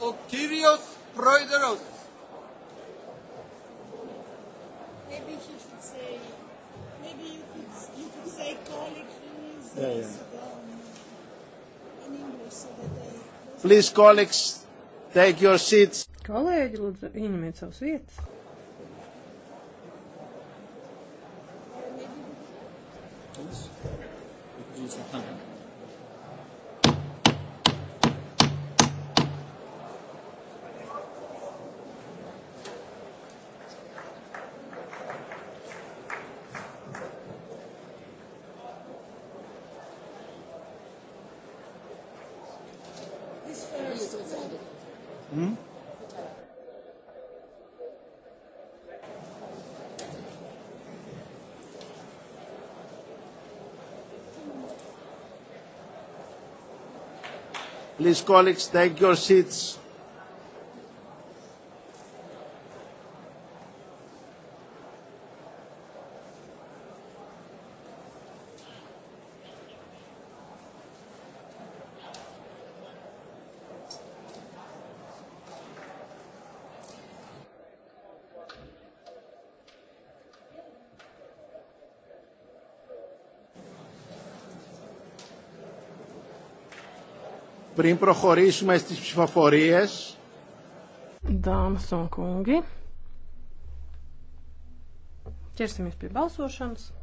ο κύριος πρόεδρος. Maybe he should say, maybe you could, you could say colleague who is yeah, yeah. Sudan um, in English so that they... Please colleagues, take your seats. Kolēģi, lūdzu, ieņemiet savas vietas. Thank you. ist uns endet. Hm? Please, colleagues, take your seats. Πριν προχωρήσουμε στις ψηφοφορίες... Dāmas un kungi, ķersimies pie balsošanas.